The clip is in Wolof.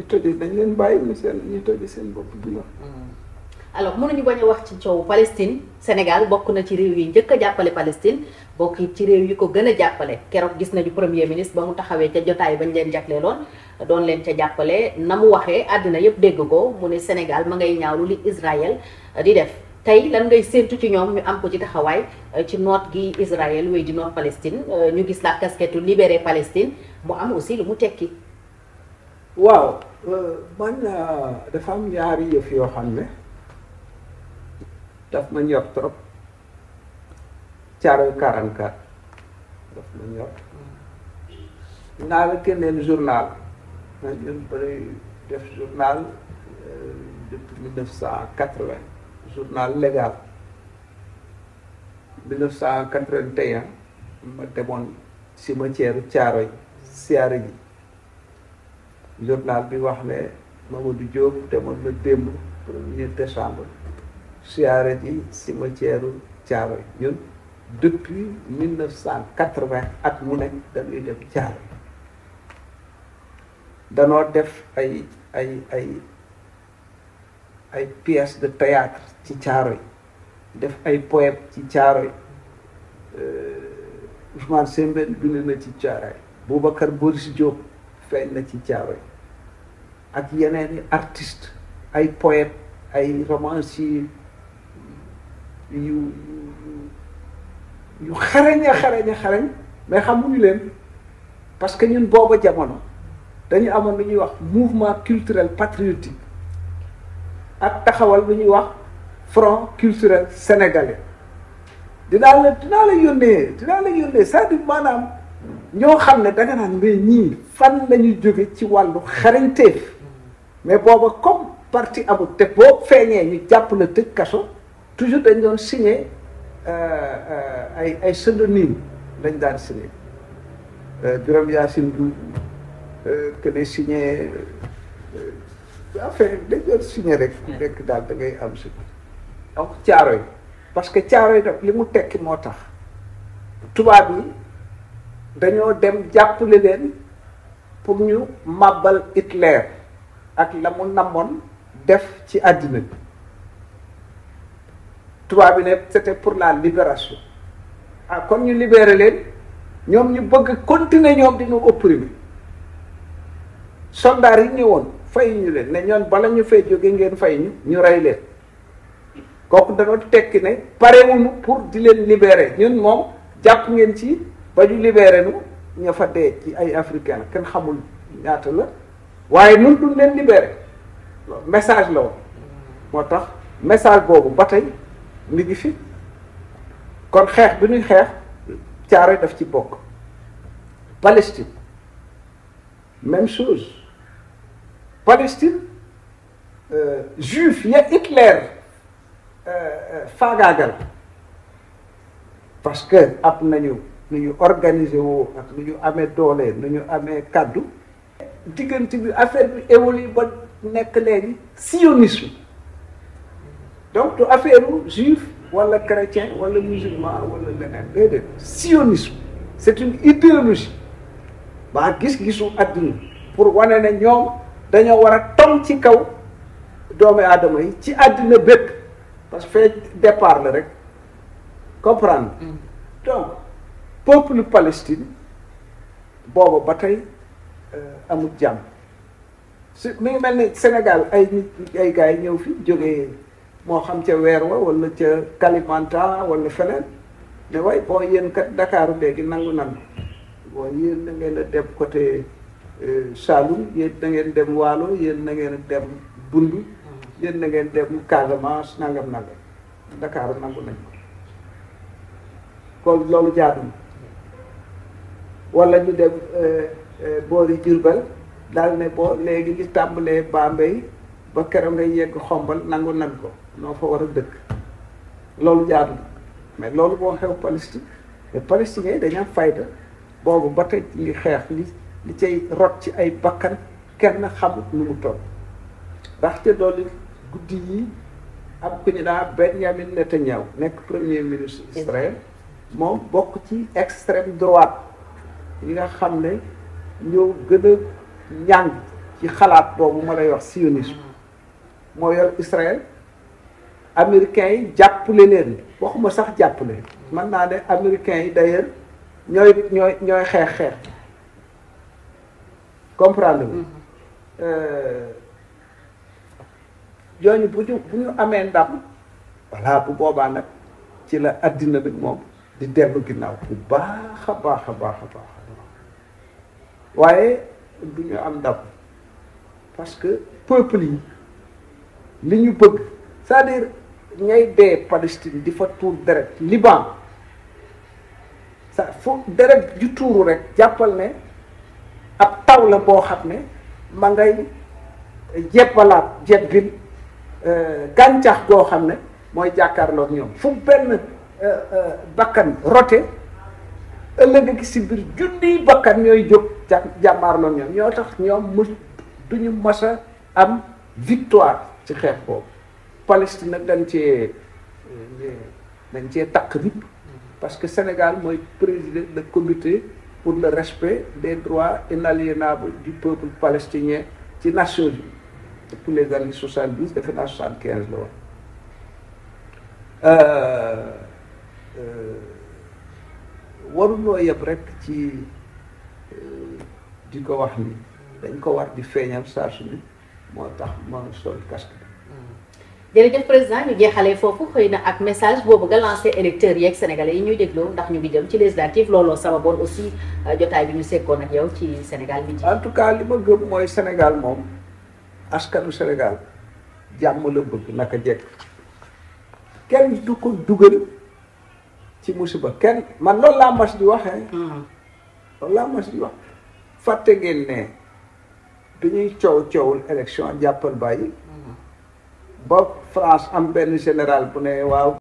ñu tojee dañ leen bàyyi ñu seen ñu tojee bopp bi la. alors mënuñu bañ a wax ci coow Palestine Sénégal bokk na ci réew yi njëkk jàppale Palestine bokk ci réew yi ko gën a jàppale keroog gis nañu premier ministre ba mu taxawee ca jotaay bañ leen jagleeloon doon leen ca jàppale na mu waxee àddina yëpp dégg ko mu ne Sénégal ma ngay ñaawlu li Israël eh, di def tey lan ngay séentu ci ñoom ñu am ko ci taxawaay eh, ci noot gi Israël wéy di noot Palestine eh, ñu gis la casquette libéré Palestine mu am aussi mu tekki. waaw euh, man euh, dafa am ñaari yëf yoo xam ne daf ma ñor trop Thiaroye 44 daf ma ñor naa la keneen journal ma ñun bëri def journal euh, depuis mille neuf cent quatre-vingt journal légal mille neuf cent quatre-vingt-un ma demoon cimetière Thiaroye journal bi wax ne Mamadou Diop demoon na démb premier décembre siyaare ji cimetière Thiaroye ñun depuis mille neuf cent quatre-vingt at mu ne dañuy dem Thiaroye danoo def ay ay ay ay pièces de théâtre ci Thiaroye def ay poèmes ci Thiaroye euh, Ousmane Sembène bind na ci Thiaroye Boubacar Boris Diop feeñ na ci Thiaroye ak yeneen i artiste ay poète ay romancier yu yu xarañ a xarañ a xarañ mais xamuñu leen parce que ñun boobu jamono dañu amoon lu ñuy wax mouvement culturel patriotique ak taxawal lu ñuy wax front culturel sénégalais dinaa la dinaa la yónnee dinaa la yónnee c'est-à-dire maanaam ñoo xam ne danga naa mais ñii fan lañuy jóge ci wàllu xarañteef mais booba comme parti amul te boo feeñee ñu jàpp la tëj kaso toujours dañ doon signé euh, euh, ay ay pseudonyme lañ daan signé euh, Birame Yacine Ndour que ne signé affaire doon signé rek nekk daal da ngay am si donc caaro yi parce que caaro yi nag li mu tekki moo tax tubaab yi dañoo dem jàppale leen pour ñu màbbal Hitler ak la mu namoon def ci àddina bi tubaab bi ne c'était pour la libération ak ah, kon ñu libéré leen ñoom ñu bëgg continuer ñoom di ñu opprimer soldats yi ñëwoon woon fay ñu leen ne ñoon bala ñu fee jóge ngeen fay ñu ñu rey leen kooku dañoo tekki ne pare wuñu pour di leen libérer ñun moom jàpp ngeen ci ba ñu libéré nu ña fa dee ci ay africain kenn xamul ñaata la waaye nun duñ leen libéré message la woon moo tax message boobu ba tey mi ngi fi kon xeex bi ñuy xeex caare daf ci bokk Palestine même chose Palestine euh, juif ya Hitler euh, euh, faagaagal parce que ab nañu nu ñu organiser woo ak nu ñu amee doole nu ñu amee kàddu diggante bi affaire bi évolue ba nekk léegi sionisme donc du affaire juif wala chrétien wala musulman wala leneen déedéet sionisme c'est une idéologie baa gis-gisu àdduna pour wane ne ñoom dañoo war a tom ci kaw doomu aadama yi ci àddina bépp parce que fee départ la rek comprendre mm. donc peuple Palestine booba ba tey euh, amul jàmm su mi ngi mel ni Sénégal ay nit ay gars yi ñëw fii jógee moo xam ca weer wa wala ca Kalimantan wala feneen ne way boo yéen kat Dakar léegi nangu nangu boo yéen da ngeen a dem côté euh, Saloum yéen da ngeen dem Waalo yéen da ngeen dem Bundu yéen da ngeen dem Casamance nangam nangam Dakar nangu nañ ko kon loolu jaadu na wala ñu dem euh, euh, boori Jurbel daal ne boo léegi li tàmbalee Bambey ba keroog ngay yegg xombal nangu nañ ko noo fa war a dëkk loolu jaadu mais loolu moo xew Palestine te palestiniens yi boobu ba te li xeex li li cay rot ci ay bakkan kenn xamut nu mu toll ndaxte doolu guddi yi am ku ñu naa Benjamin Netanyahu nekk premier ministre Israël moom bokk ci extrême droite yi nga xam ne ñoo gën a njàng ci xalaat boobu ma lay wax sionisme moo yor Israël américains yi jàpp leen waxuma sax jàppale mën naa ne américains yi d'ailleurs ñooy ñooy ñooy xeex xeex comprendre nga. Mm-hmm. Euh, bu ñu bu ñu amee ndam voilà bu boobaa nag ci la àddina bi moom. di dellu ginnaaw bu baax a baax a baax a baax waaye du ñu am ndam parce que peuple yi li ñu bëgg c'est-à-dire ñay dee Palestine di fa tuur deret Liban sa fu deret ju tuuru rek jàppal ne ab taw la boo xam ne ma ngay jebbalaat jebbin euh, gàncax goo xam ne mooy jàkkaarloog ñoom fu benn Euh, euh, bakkan rote gis ci biir junniy bakkan ñooy jóg jà jàmmaarloo ñoom ñoo tax ñoom mu duñu mës a am victoire ci xeex boobu Palestine nag dañ cee cee takk rib parce que Sénégal mooy président le comité pour le respect des droits inaliénables du peuple palestinien ci Nations Unies depuis les années soixante-dix defe naa soixante-quinze la Euh, waruloo yem rek ci euh, di ko wax ni dañ ko war di feeñal saa su moo tax ma sol casque bi. Hmm. jërëjëf président ñu jeexalee foofu xëy na ak message boobu nga lancé électeurs yeeg sénégalais yi ñuy dégloo ndax ñu ngi jëm ci législative looloo sababoon aussi euh, jotaay bi ñu sekkoon ak yow ci Sénégal bi. en tout cas li ma gën mooy Sénégal moom askanu Sénégal jàmm la bëgg naka jekk kenn du ko dugal. ci musiba kenn man loolu laa mas di waxee. Hmm. loolu laa mas di wax fàtte ngeen ne bi ñuy coow coowul élection jàppal bàyyi. Hmm. ba France am benn général bu ne waaw.